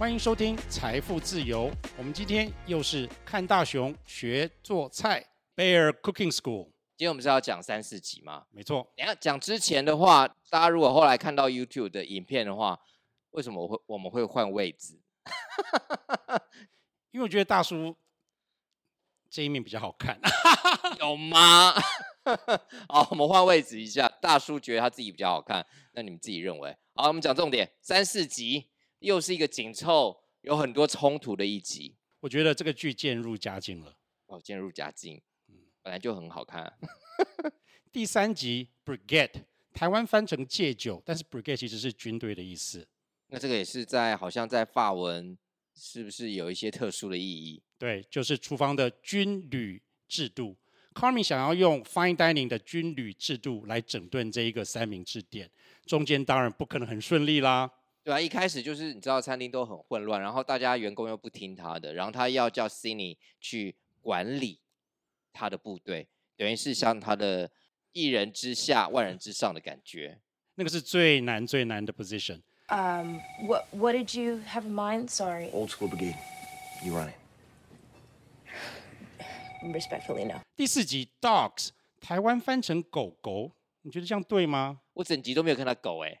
歡迎收聽《財父自由》。我們今天又是看大熊學做菜《Bear Cooking School》。今天我們是要講三四集嗎？沒錯。等下講之前的話，大家如果後來看到 YouTube 的影片的話，為什麼我會我們會換位置？ 因為我覺得大叔這一面比較好看。 有嗎？ 好，我們換位置一下。大叔覺得他自己比較好看，那你們自己認為？好，我們講重點，三四集。又是一個緊湊、有很多衝突的一集。我覺得這個劇漸入佳境了。哦，漸入佳境。本來就很好看、啊。 第三集 Brigade，台灣翻成戒酒，但是 Brigade 其實是軍隊的意思。那這個也是在好像在法文，是不是有一些特殊的意義？對，就是廚房的軍旅制度。Carmen 想要用 Fine Dining 的軍旅制度來整頓這一個三明治店，中間當然不可能很順利啦。對啊，一開始就是你知道餐廳都很混亂，然後大家員工又不聽他的，然後他要叫 Cindy 去管理他的部隊，等於是像他的一人之下萬人之上的感覺，那個是最難最難的 position。嗯、um,，What What did you have in mind? Sorry. Old school brigade, you run it. Respectfully, no. 第四集 Dogs 台灣翻成狗狗，你覺得這樣對嗎？我整集都沒有看到狗哎、欸。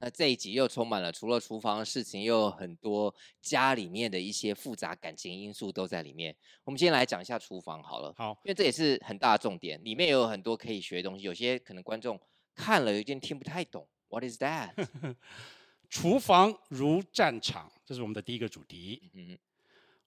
那這一集又充滿了，除了廚房的事情，又有很多家裡面的一些複雜感情因素都在裡面。我們今天來講一下廚房好了，好，因為這也是很大的重點，裡面有很多可以學的東西。有些可能觀眾看了有點聽不太懂，What is that？廚 房如戰場，這是我們的第一個主題。嗯哼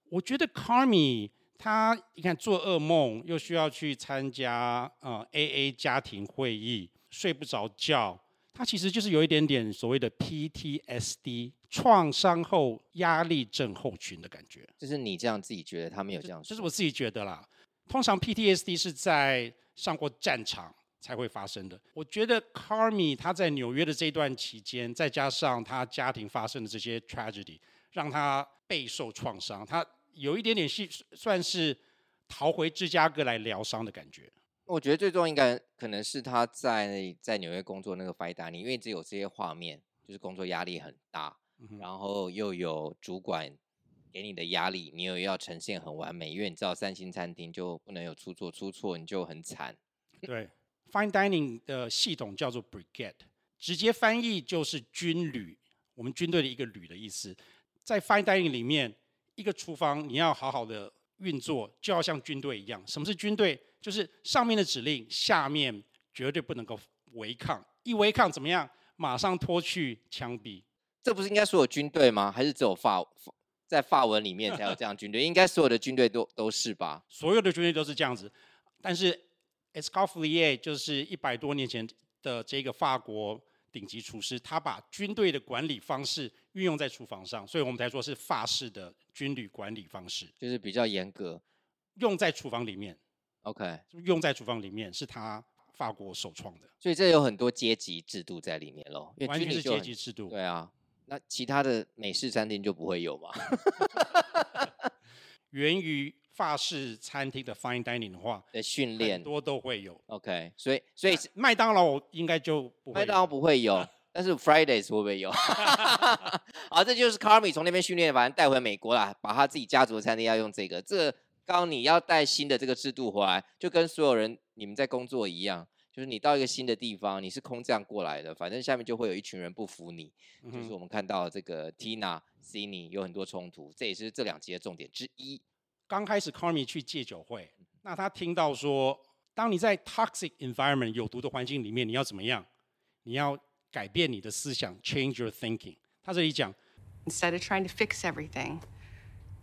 我覺得卡米他你看做噩夢，又需要去參加啊、呃、AA 家庭會議，睡不着覺。他其實就是有一點點所謂的 PTSD 創傷後壓力症候群的感覺，就是你這樣自己覺得他沒有這樣說、就是，就是我自己覺得啦。通常 PTSD 是在上過戰場才會發生的。我覺得 Carmy 他在紐約的這段期間，再加上他家庭發生的這些 tragedy，讓他備受創傷，他有一點點是算是逃回芝加哥來療傷的感覺。我覺得最重要應該可能是他在在紐約工作那個 fine dining，因為只有這些畫面，就是工作壓力很大，然後又有主管給你的壓力，你又要呈現很完美，因為你知道三星餐廳就不能有出錯，出錯你就很慘。對，fine dining 的系統叫做 brigade，直接翻譯就是軍旅，我們軍隊的一個旅的意思。在 fine dining 裡面，一個廚房你要好好的運作，就要像軍隊一樣。什麼是軍隊？就是上面的指令，下面絕對不能夠違抗。一違抗怎麼樣？馬上拖去槍斃。這不是應該所有軍隊嗎？還是只有法在法文裡面才有這樣軍隊？ 應該所有的軍隊都都是吧？所有的軍隊都是這樣子。但是 Escoffier 就是一百多年前的這個法國頂級廚師，他把軍隊的管理方式運用在廚房上，所以我們才說是法式的軍旅管理方式。就是比較嚴格，用在廚房裡面。OK，用在廚房裡面是他法國首創的，所以這有很多階級制度在裡面咯裡完全是階級制度。對啊，那其他的美式餐廳就不會有吧？ 源於法式餐廳的 Fine Dining 的話，的訓練很多都會有。OK，所以所以麥當勞應該就不麥當勞不會有，會有啊、但是 Fridays 會不會有？啊， 這就是 Carmy 從那邊訓練，反正帶回美國啦，把他自己家族的餐廳要用這個，這個。當你要帶新的這個制度回來，就跟所有人你們在工作一樣，就是你到一個新的地方，你是空降過來的，反正下面就會有一群人不服你。嗯、哼就是我們看到這個 Tina、Sini 有很多衝突，這也是這兩集的重點之一。剛開始 Carmy 去戒酒會，那他聽到說，當你在 toxic environment 有毒的環境裡面，你要怎麼樣？你要改變你的思想，change your thinking。他這裡講，instead of trying to fix everything。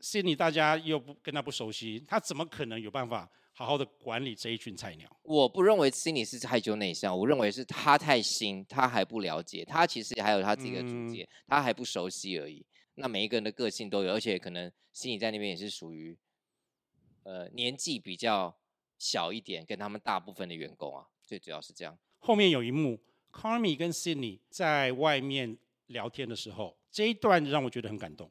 Sydney，大家又不跟他不熟悉，他怎麼可能有辦法好好的管理這一群菜鳥？我不認為 Sydney 是害羞內向，我認為是他太新，他還不了解，他其實還有他自己的主見，嗯、他還不熟悉而已。那每一個人的個性都有，而且可能 Sydney 在那邊也是屬於，呃，年紀比較小一點，跟他們大部分的員工啊，最主要是這樣。後面有一幕，Carmy 跟 Sydney 在外面聊天的時候，這一段讓我覺得很感動。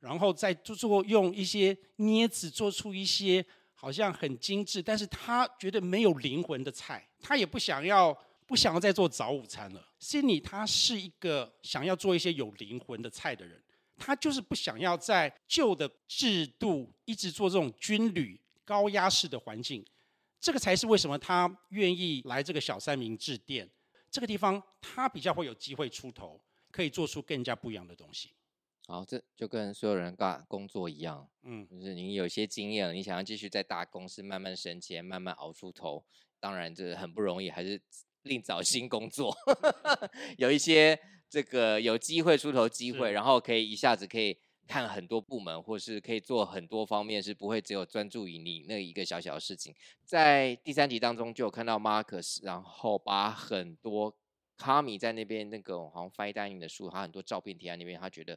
然後再做做用一些鑷子，做出一些好像很精緻，但是他覺得沒有靈魂的菜，他也不想要不想要再做早午餐了。Sydney 他是一個想要做一些有靈魂的菜的人，他就是不想要在舊的制度一直做這種軍旅高壓式的環境，這個才是為什麼他願意來這個小三明治店，這個地方他比較會有機會出頭，可以做出更加不一樣的東西。好，這就跟所有人幹工作一樣，嗯，就是你有些經驗，你想要繼續在大公司慢慢升遷、慢慢熬出頭，當然這很不容易，還是另找新工作。 有一些這個有機會出頭機會，是然後可以一下子可以看很多部門，或是可以做很多方面，是不會只有專注於你那一個小小的事情。在第三集當中就有看到 Marcus，然後把很多 Carmy 在那邊那個我好像翻譯單應的書，還有很多照片貼在那邊，他覺得。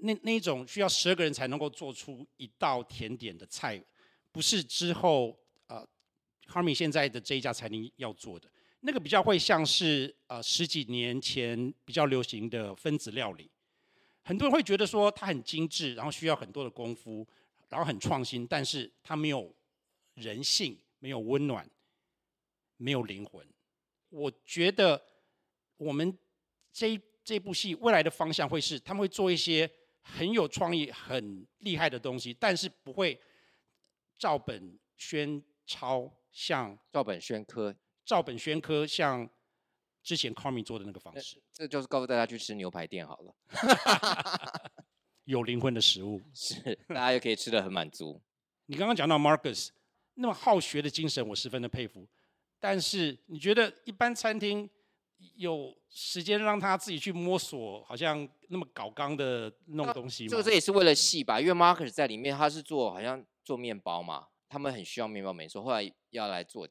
那那一種需要十二個人才能夠做出一道甜點的菜，不是之後呃 Carmy 現在的這一家餐廳要做的。那個比較會像是呃十幾年前比較流行的分子料理，很多人會覺得說它很精緻，然後需要很多的功夫，然後很創新，但是它沒有人性，沒有溫暖，沒有靈魂。我覺得我們這這部戲未來的方向會是，他們會做一些。很有創意、很厲害的東西，但是不會照本宣抄，像照本宣科，照本宣科像之前 Carmy 做的那個方式這。這就是告訴大家去吃牛排店好了， 有靈魂的食物是，是大家也可以吃得很滿足。 你剛剛講到 Marcus 那麼好學的精神，我十分的佩服。但是你覺得一般餐廳，有時間讓他自己去摸索，好像那麼搞剛的那種東西嗎？這個這也是為了戲吧，因為 Marcus 在裡面他是做好像做麵包嘛，他們很需要麵包沒錯，後來要來做，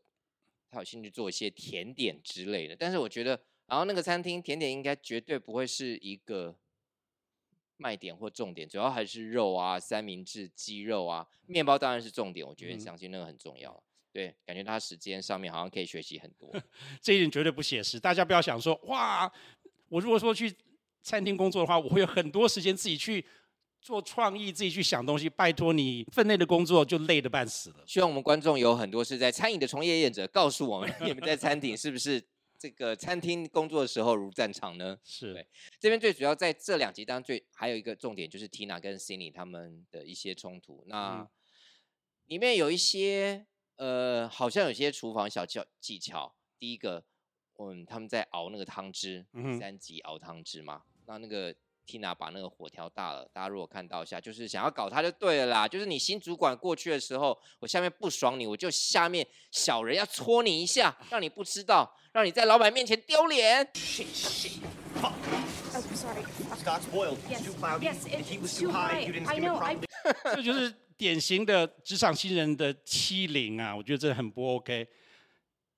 他有興趣做一些甜點之類的。但是我覺得，然後那個餐廳甜點應該絕對不會是一個賣點或重點，主要還是肉啊、三明治、雞肉啊、麵包當然是重點，我覺得相信那個很重要。嗯對，感覺他時間上面好像可以學習很多，這一點絕對不寫實。大家不要想說，哇，我如果說去餐廳工作的話，我會有很多時間自己去做創意，自己去想東西。拜托你分內的工作就累得半死了。希望我們觀眾有很多是在餐飲的從業者，告訴我們 你們在餐廳是不是這個餐廳工作的時候如戰場呢？是。對，這邊最主要在這兩集當中，最還有一個重點就是 Tina 跟 Sydney 他們的一些衝突，那、嗯、裡面有一些。呃，好像有些廚房小技巧、技巧。第一個，嗯，他們在熬那個湯汁，嗯、哼三級熬湯汁嘛。那那個 Tina 把那個火調大了，大家如果看到一下，就是想要搞他就對了啦。就是你新主管過去的時候，我下面不爽你，我就下面小人要戳你一下，讓你不知道，讓你在老闆面前丟臉。 典型的職場新人的欺凌啊，我覺得真的很不 OK。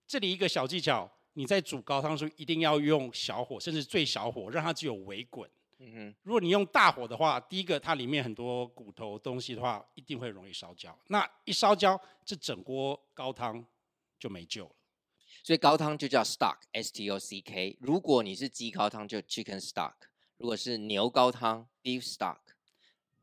這裡一個小技巧，你在煮高湯的時候一定要用小火，甚至最小火，讓它只有微滾。嗯哼。如果你用大火的話，第一個它裡面很多骨頭東西的話，一定會容易燒焦。那一燒焦，這整鍋高湯就沒救了。所以高湯就叫 stock，S-T-O-C-K。如果你是雞高湯就 chicken stock，如果是牛高湯 beef stock。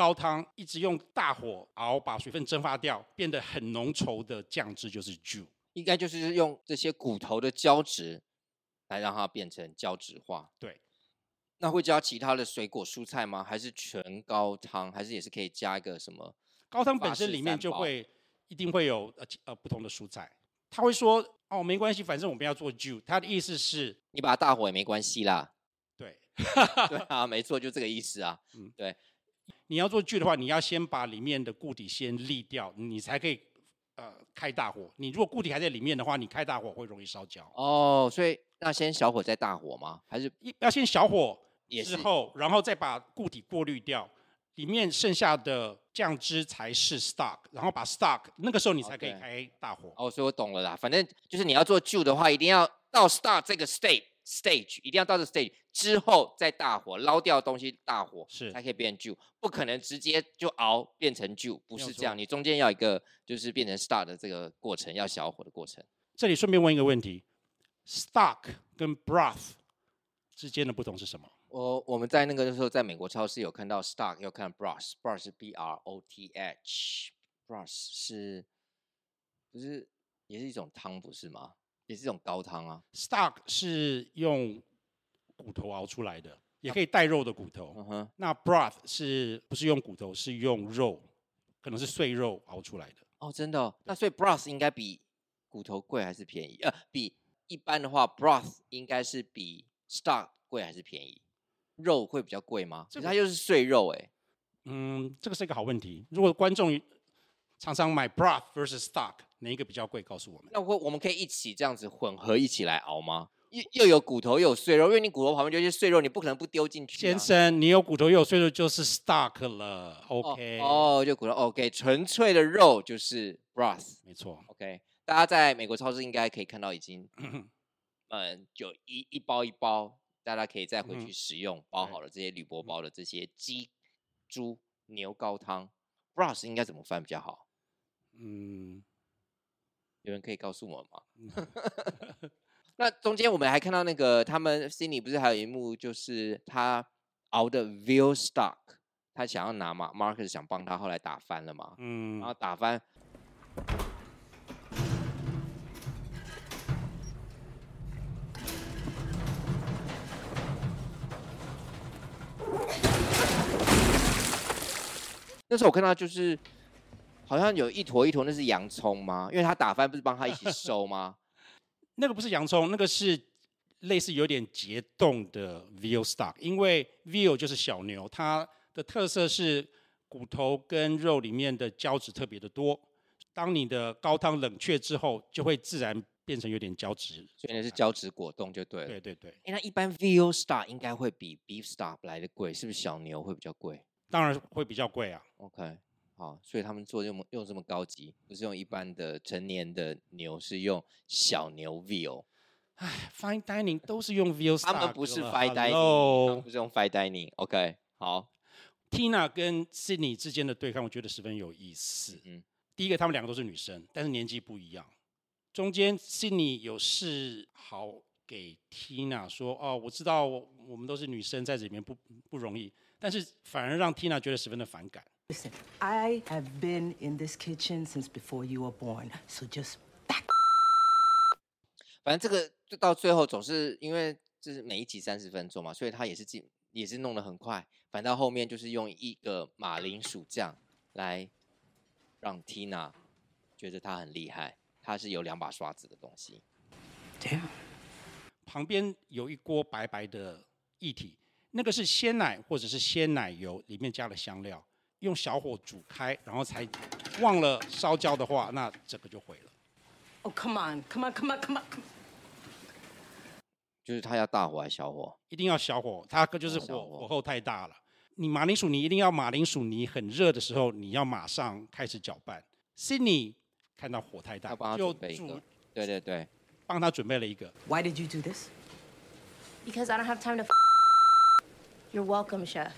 高湯一直用大火熬，把水分蒸發掉，變得很濃稠的醬汁就是 ju。應該就是用這些骨頭的膠質來讓它變成膠質化。對。那會加其他的水果蔬菜嗎？還是全高湯？還是也是可以加一個什麼？高湯本身裡面就會一定會有呃呃、呃不同的蔬菜。他會說哦沒關係，反正我們要做 ju。他的意思是，你把它大火也沒關係啦。對。 對啊，沒錯，就這個意思啊。嗯，對。你要做醬的話，你要先把裡面的固體先濾掉，你才可以呃開大火。你如果固體還在裡面的話，你開大火會容易燒焦。哦，oh, 所以那先小火再大火嗎？還是要先小火之後，是然後再把固體過濾掉，裡面剩下的醬汁才是 stock，然後把 stock 那個時候你才可以開大火。哦，okay. oh, 所以我懂了啦。反正就是你要做醬的話，一定要到 stock 這個 state。Stage 一定要到這 stage 之後再大火撈掉的東西，大火是才可以變 ju。不可能直接就熬變成 ju，不是這樣。你中間要一個就是變成 stock 的這個過程，要小火的過程。這裡順便問一個問題、嗯、：stock 跟 broth 之間的不同是什麼？我我們在那個時候，在美國超市有看到 stock，有看 broth br。broth 是 b r o t h，broth 是不是也是一種湯，不是嗎？也是一種高湯啊，stock 是用骨頭熬出來的，也可以帶肉的骨頭。Uh huh. 那 broth 是不是用骨頭？是用肉，可能是碎肉熬出來的。Oh, 的哦，真的對。那所以 broth 應該比骨頭貴還是便宜？呃，比一般的話，broth 應該是比 stock 貴還是便宜？肉會比較貴嗎？所以、這個、它又是碎肉哎。嗯，這個是一個好問題。如果觀眾。常常買 broth versus stock 哪一個比較貴？告訴我們。那我我們可以一起這樣子混合一起來熬嗎？又又有骨頭又有碎肉，因為你骨頭旁邊就是碎肉，你不可能不丟進去。先生，你有骨頭又有碎肉就是 stock 了。OK。哦,哦，就骨頭 OK，純粹的肉就是 broth、嗯。沒錯。OK，大家在美國超市應該可以看到已經，嗯，就一一包一包，大家可以再回去食用、嗯、包好了這些鋁箔包的這些雞、豬、牛高湯 broth 應該怎麼翻比較好？嗯，有人可以告訴我嗎？嗯、 那中間我們還看到那個他們心裡不是還有一幕，就是他熬的 veal stock，他想要拿嘛，Marcus 想幫他，後來打翻了嘛，嗯，然後打翻。嗯、那時候我看到就是。好像有一坨一坨，那是洋蔥嗎？因為他打翻，不是幫他一起收嗎？ 那個不是洋蔥，那個是類似有點結凍的 veal stock。因為 veal 就是小牛，它的特色是骨頭跟肉裡面的膠質特別的多。當你的高湯冷卻之後，就會自然變成有點膠質，所以那是膠質果凍就對了。對對對。哎，那一般 veal stock 應該會比 beef stock 來得貴，是不是小牛會比較貴？當然會比較貴啊。OK。好，所以他們做用用這麼高級，不是用一般的成年的牛，是用小牛 veal。唉，fine dining 都是用 veals，他們不是 fine dining，Hello 不是用 fine dining。OK，好，Tina 跟 Sydney 之間的對抗，我覺得十分有意思。嗯、mm，hmm. 第一個，他們兩個都是女生，但是年紀不一樣。中間 Sydney 有事好給 Tina 說，哦，我知道我們都是女生，在這裡面不不容易，但是反而讓 Tina 覺得十分的反感。Listen，I have been in this kitchen since before you were born, so just back. 反正這個就到最後總是，因為就是每一集三十分鐘嘛，所以他也是進也是弄得很快。反到後面就是用一個馬鈴薯醬來讓 Tina 覺得他很厲害，他是有兩把刷子的東西。這 Damn. 旁邊有一鍋白白的液體，那個是鮮奶或者是鮮奶油，裡面加了香料。用小火煮開，然後才忘了燒焦的話，那整個就毀了。Oh come on, come on, come on, come on。就是他要大火還是小火？一定要小火，他就是火火候太大了。你馬鈴薯，你一定要馬鈴薯泥很熱的時候，你要馬上開始攪拌。Cindy 看到火太大，要要就煮。對對對，幫他準備了一個。Why did you do this? Because I don't have time to. You're welcome, chef.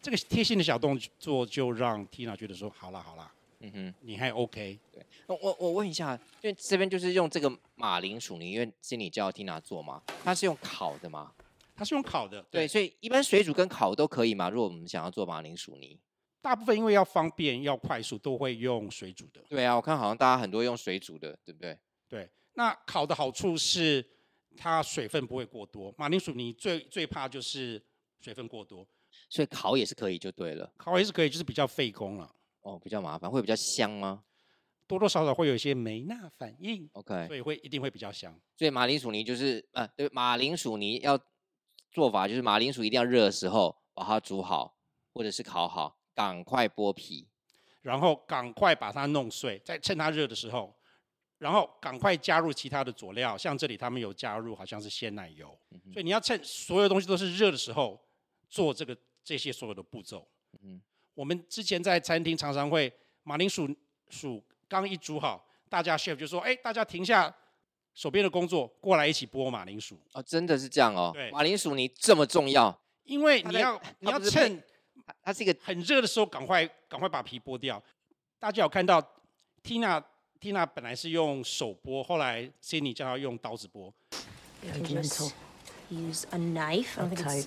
這個貼心的小動作，就讓 Tina 覺得說：“好啦，好啦，嗯哼，你還 OK。”對，我我問一下，因為這邊就是用這個馬鈴薯泥，因為是你叫 Tina 做嘛，它是用烤的嗎？它是用烤的，對，對，所以一般水煮跟烤都可以嘛。如果我們想要做馬鈴薯泥，大部分因為要方便、要快速，都會用水煮的。對啊，我看好像大家很多用水煮的，對不對？對，那烤的好處是它水分不會過多，馬鈴薯泥最最怕就是水分過多。所以烤也是可以，就對了。烤也是可以，就是比較費工了、啊。哦，比較麻煩，會比較香嗎？多多少少會有一些美那反應。OK。所以會一定會比較香。所以馬鈴薯泥就是，啊，對，馬鈴薯泥要做法就是馬鈴薯一定要熱的時候把它煮好，或者是烤好，趕快剝皮，然後趕快把它弄碎，再趁它熱的時候，然後趕快加入其他的佐料，像這裡他們有加入好像是鮮奶油，嗯、哼所以你要趁所有東西都是熱的時候做這個。這些所有的步驟，嗯，我們之前在餐廳常常會馬鈴薯薯，剛一煮好，大家 chef 就說：“哎，大家停下手邊的工作，過來一起剝馬鈴薯。”啊，哦，真的是這樣哦。對，馬鈴薯你這麼重要，因為要你要你要趁它這個很熱的時候趕快趕快把皮剝掉。大家有看到 Tina Tina 本來是用手剝，後來 Sydney 叫她用刀子剝。Use a knife. Okay.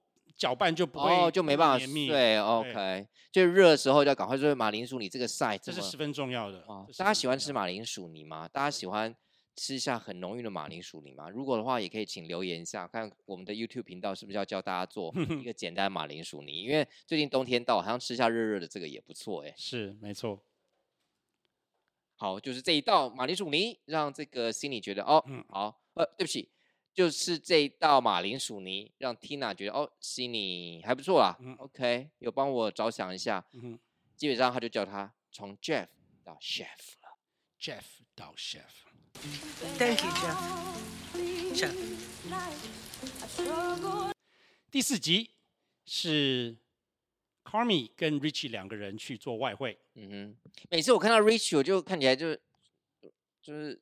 攪拌就不會、oh, 就沒辦法黏密。對，OK，對，就熱的時候就要趕快做馬鈴薯泥這個賽，這是十分重要的。哦、要的，大家喜歡吃馬鈴薯泥嗎？對大家喜歡吃一下很濃郁的馬鈴薯泥嗎？如果的話，也可以請留言一下，看我們的 YouTube 頻道是不是要教大家做一個簡單馬鈴薯泥？ 因為最近冬天到，好像吃一下熱熱的這個也不錯、欸，哎，是沒錯。好，就是這一道馬鈴薯泥，讓這個心裡覺得哦，嗯、好，呃，對不起。就是這一道馬鈴薯泥，讓 Tina 覺得哦，Cindy、oh, 還不錯啊。嗯、OK，有幫我着想一下。嗯哼，基本上他就叫他從 Jeff 到 Chef 了。Jeff 到 Chef。Thank you, Jeff. Jeff。第四集是 Carmy 跟 Richie 兩個人去做外燴。嗯哼。每次我看到 Richie，我就看起來就就是。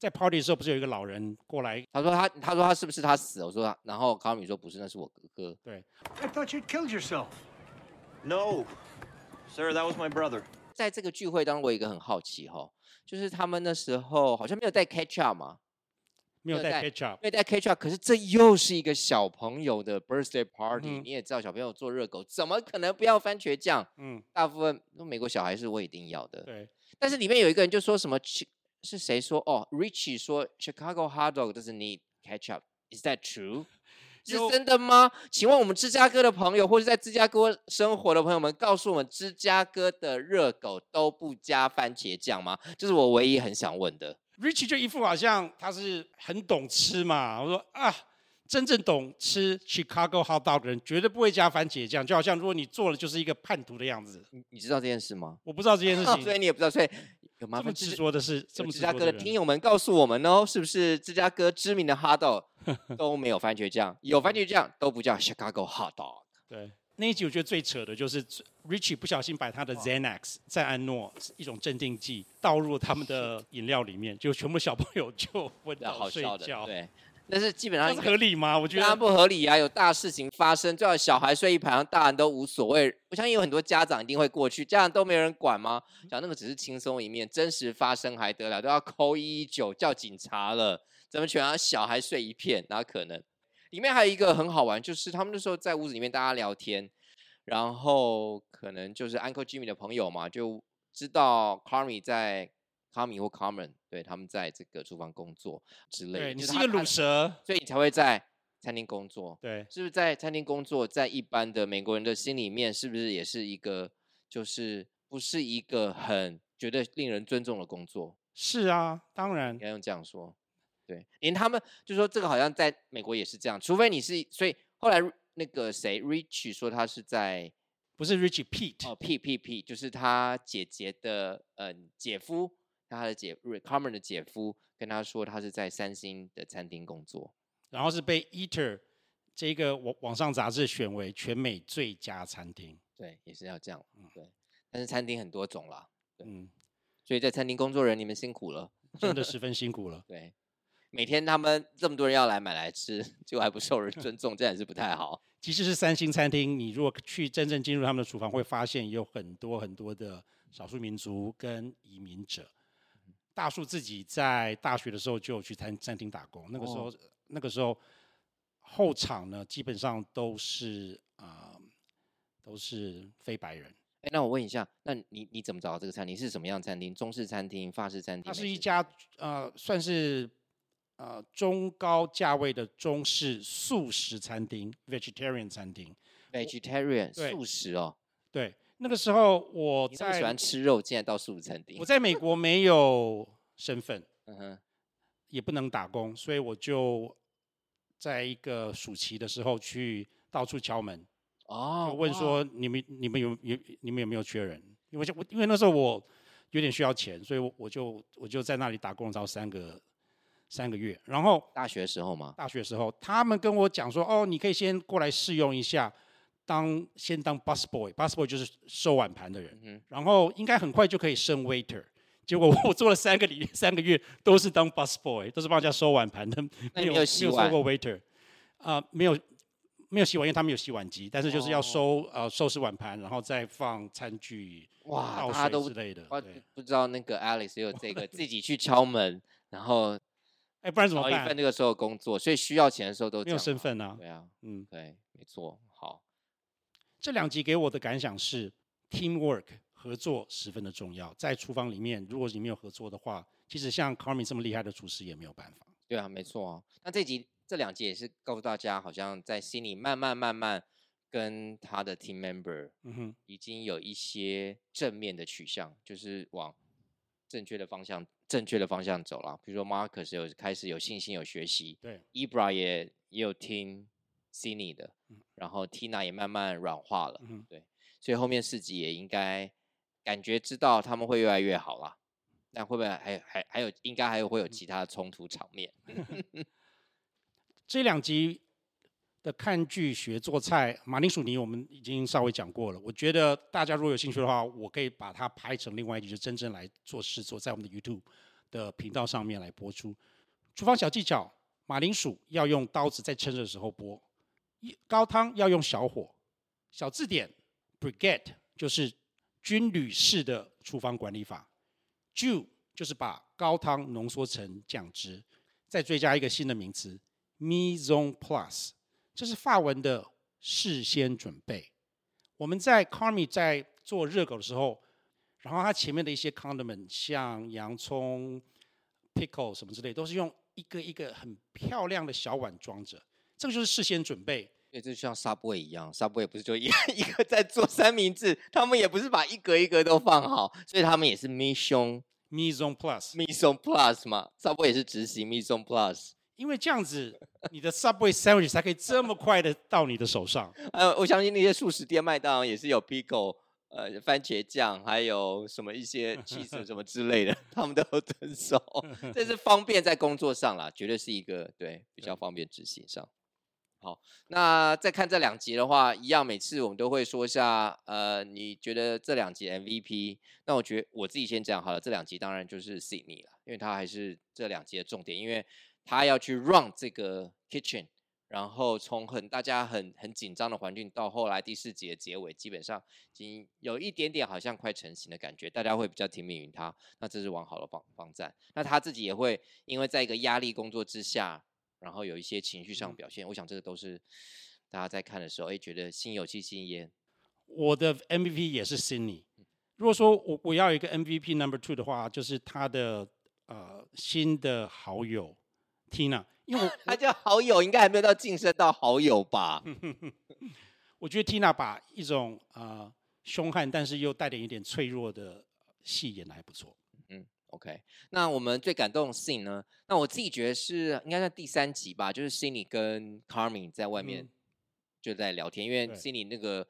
在 party 的時候，不是有一個老人過來？他說他，他說他是不是他死了？我說他。然後卡米說不是，那是我哥哥。對。I thought you killed yourself. No, sir, that was my brother. 在這個聚會當中，我有一個很好奇哈，哦，就是他們那時候好像沒有帶 ketchup 嗎？沒有帶 ketchup。沒帶 ketchup。沒有帶 ketchup, 可是這又是一個小朋友的 birthday party，嗯。你也知道，小朋友做熱狗，怎麼可能不要番茄醬？嗯。大部分都美國小孩是我一定要的。對。但是裡面有一個人就說什麼是誰說？哦、oh，Richie 說 Chicago hot dog doesn't need ketchup，is that true？有是真的嗎？請問我們芝加哥的朋友，或者在芝加哥生活的朋友們，告訴我們芝加哥的熱狗都不加番茄醬嗎？這是我唯一很想問的。Richie 就一副好像他是很懂吃嘛，我說啊，真正懂吃 Chicago hot dog 的人絕對不會加番茄醬，就好像如果你做了就是一個叛徒的樣子。你你知道這件事嗎？我不知道這件事情， 所以你也不知道。所以。有麻煩芝加哥的聽友們告訴我們哦，這麼說的人是不是芝加哥知名的 hot dog 都沒有番茄醬？有番茄醬都不叫 Chicago hot dog。對，那一集我覺得最扯的就是 Richie 不小心把他的 Xanax 贊安諾一種鎮定劑倒入了他們的飲料裡面， 就全部小朋友就昏倒睡覺。但是基本上是合理嗎？我覺得當然不合理啊！有大事情發生，最好小孩睡一排，大人都無所謂。我相信有很多家長一定會過去，家長都沒人管嗎？講那個只是輕鬆一面，真實發生還得了，都要扣一一九叫警察了，怎麼全小孩睡一片？哪可能？裡面還有一個很好玩，就是他們那時候在屋子裡面大家聊天，然後可能就是 Uncle Jimmy 的朋友嘛，就知道 Carmy 在。Carmy 或卡門，Carmen, 對他們在這個廚房工作之類的。對是你是一個魯蛇，所以你才會在餐廳工作。對，是不是在餐廳工作，在一般的美國人的心裡面，是不是也是一個就是不是一個很覺得令人尊重的工作？是啊，當然應該用這樣說。對，連他們就說這個好像在美國也是這樣，除非你是所以後來那個誰 Rich 說他是在不是 Richie, Pete 啊 P P P，就是他姐姐的嗯，姐夫。他的姐 Carmen 的姐夫跟他說，他是在三星的餐廳工作，然後是被 Eater 這一個網網上雜誌選為全美最佳餐廳。對，也是要這樣，對。但是餐廳很多種啦，嗯。所以在餐廳工作人，你們辛苦了，真的十分辛苦了。 對，每天他們這麼多人要來買來吃，就還不受人尊重，真的 是不太好。即使是三星餐廳，你如果去真正進入他們的廚房，會發現有很多很多的少數民族跟移民者。大叔自己在大學的時候就去餐餐廳打工，那個時候、oh. 那個時候後場呢，基本上都是啊、呃、都是非白人。哎、欸，那我問一下，那你你怎麼找到這個餐廳？是什麼樣的餐廳？中式餐廳、法式餐廳？它是一家呃，算是呃中高價位的中式素食餐廳 （vegetarian 餐廳） vegetarian。vegetarian 素食哦，對。對那個時候，我最喜歡吃肉。現在到十五層我在美國沒有身份，嗯哼，也不能打工，所以我就在一個暑期的時候去到處敲門，哦，問說你們、你們有你們有、你們有沒有缺人？因為就我因為那時候我有點需要錢，所以我就，我就我就在那裡打工招三個三個月，然後大學時候嘛，大學時候，他們跟我講說，哦，你可以先過來試用一下。當先當 bus boy，bus boy 就是收碗盤的人，然後應該很快就可以升 waiter。結果我做了三個禮三個月都是當 bus boy，都是幫人家收碗盤的，沒有沒有做過 waiter。沒有沒有洗碗，因為他們有洗碗機，但是就是要收呃收拾碗盤，然後再放餐具、倒水之類的。不知道那個 Alex 有這個，自己去敲門，然後哎，不然怎麼辦？那個時候工作，所以需要錢的時候都沒有身份啊。對啊，嗯，對，沒錯。這兩集給我的感想是，teamwork 合作十分的重要。在廚房裡面，如果你沒有合作的話，其實像 Carmy 這麼厲害的廚師也沒有辦法。對啊，沒錯啊。那這集這兩集也是告訴大家，好像在心裡慢慢慢慢跟他的 team member，已經有一些正面的取向，嗯、哼就是往正確的方向正確的方向走了。比如說 Marcus 有開始有信心有學習，對，Ibra 也也有聽。Cindy 的，然後 Tina 也慢慢軟化了，對，所以後面四集也應該感覺知道他們會越來越好啦。但會不會還還還有應該還有會有其他的衝突場面？嗯、 這兩集的看劇學做菜馬鈴薯泥我們已經稍微講過了，我覺得大家如果有興趣的話，我可以把它拍成另外一集，就真正來做事，做，在我們的 YouTube 的頻道上面來播出。廚房小技巧：馬鈴薯要用刀子在趁熱的時候剝。高湯要用小火，小字典 Brigade 就是軍旅式的廚房管理法，Jus 就是把高湯濃縮成醬汁，再追加一個新的名詞 Mise en place，這是法文的事先準備。我們在 Carmy 在做熱狗的時候，然後它前面的一些 condiment 像洋蔥、pickle 什麼之類，都是用一個一個很漂亮的小碗裝着。這個就是事先準備，對，就像 Subway 一樣，Subway 也不是就一個一個在做三明治，他們也不是把一格一格都放好，所以他們也是 mise en, mise en place，mise en place 嘛，Subway 也是執行 mise en place，因為這樣子，你的 Subway Sandwich 才可以這麼快的到你的手上。 呃，我相信那些速食店、麥當勞也是有 p i c o 呃，番茄醬，還有什麼一些 cheese 什麼之類的， 他們都有遵守，這是方便在工作上啦，絕對是一個對比較方便執行上。好，那再看這兩集的話，一樣每次我們都會說一下，呃，你覺得這兩集 MVP？那我覺得我自己先講好了。這兩集當然就是 Sydney 了，因為他還是這兩集的重點，因為他要去 run 這個 kitchen，然後從很大家很很緊張的環境，到後來第四集的結尾，基本上已經有一點點好像快成型的感覺，大家會比較聽命於他。那這是往好的方方向。那他自己也會因為在一個壓力工作之下。然後有一些情緒上表現，嗯、我想這個都是大家在看的時候，哎，覺得心有戚戚焉。我的 MVP 也是 Sydney。如果說我我要有一個 MVP number two 的話，就是他的呃新的好友 Tina，因為 他叫好友，應該還沒有到晉升到好友吧？ 我覺得 Tina 把一種啊、呃、兇悍，但是又帶點一點脆弱的戲演的還不錯。OK，那我們最感動的 Scene 呢？那我自己覺得是應該算第三集吧，就是 Cindy 跟 Carmy 在外面、嗯、就在聊天，因為 Cindy 那個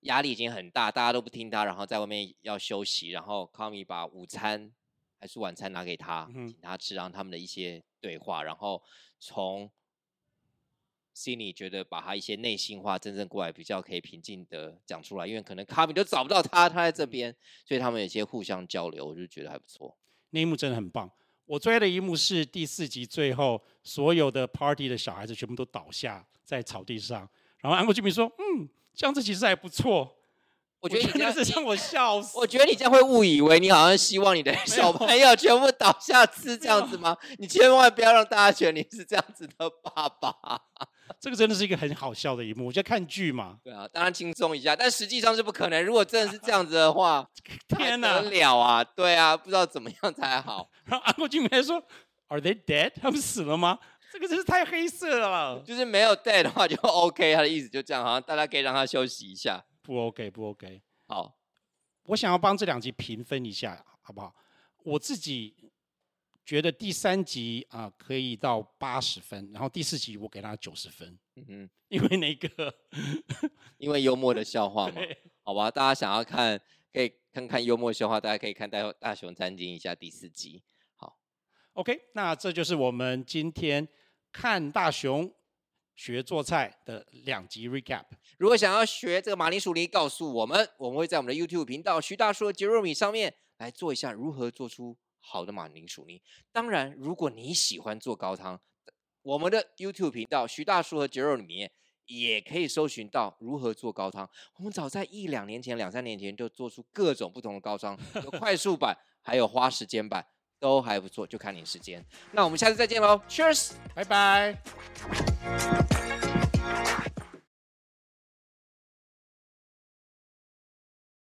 壓力已經很大，大家都不聽他，然後在外面要休息，然後卡米把午餐還是晚餐拿給他，請他吃，然後他們的一些對話，然後從 Cindy 覺得把他一些內心話真正過來，比較可以平靜的講出來，因為可能卡米都找不到他，他在這邊，所以他們有些互相交流，我就覺得還不錯。那一幕真的很棒，我最愛的一幕是第四集最後，所有的 party 的小孩子全部都倒下在草地上，然後 Uncle Jimmy 說：“嗯，這樣子其實還不錯。”我覺得你我真的是讓我笑死。我覺得你這樣會誤以為你好像希望你的小朋友全部倒下吃這樣子嗎？你千萬不要讓大家覺得你是這樣子的爸爸。這個真的是一個很好笑的一幕，我就看劇嘛。對啊，當然輕鬆一下，但實際上是不可能。如果真的是這樣子的話，啊、天哪，了啊！對啊，不知道怎麼樣才好。然後阿國軍民說：“Are they dead？他們死了嗎？”這個真是太黑色了。就是沒有 dead 的話就 OK，他的意思就這樣哈，好像大家可以讓他休息一下。不 OK，不 OK。好，我想要幫這兩集評分一下，好不好？我自己。覺得第三集啊、呃、可以到八十分，然後第四集我給他九十分，嗯哼因為那個， 因為幽默的笑話嘛，對好吧，大家想要看可以看看幽默笑話，大家可以看大大熊餐廳一下第四集，好，OK，那這就是我們今天看大熊學做菜的兩集 recap。如果想要學這個馬鈴薯泥，告訴我們，我們會在我們的 YouTube 頻道徐大叔的傑糯米上面來做一下如何做出。好的馬鈴薯泥，當然，如果你喜歡做高湯，我們的 YouTube 頻道徐大叔和傑糯米裡面也可以搜尋到如何做高湯。我們早在一兩年前、兩三年前就做出各種不同的高湯，有快速版， 還有花時間版，都還不錯，就看你時間。那我們下次再見嘍，Cheers，拜拜。拜拜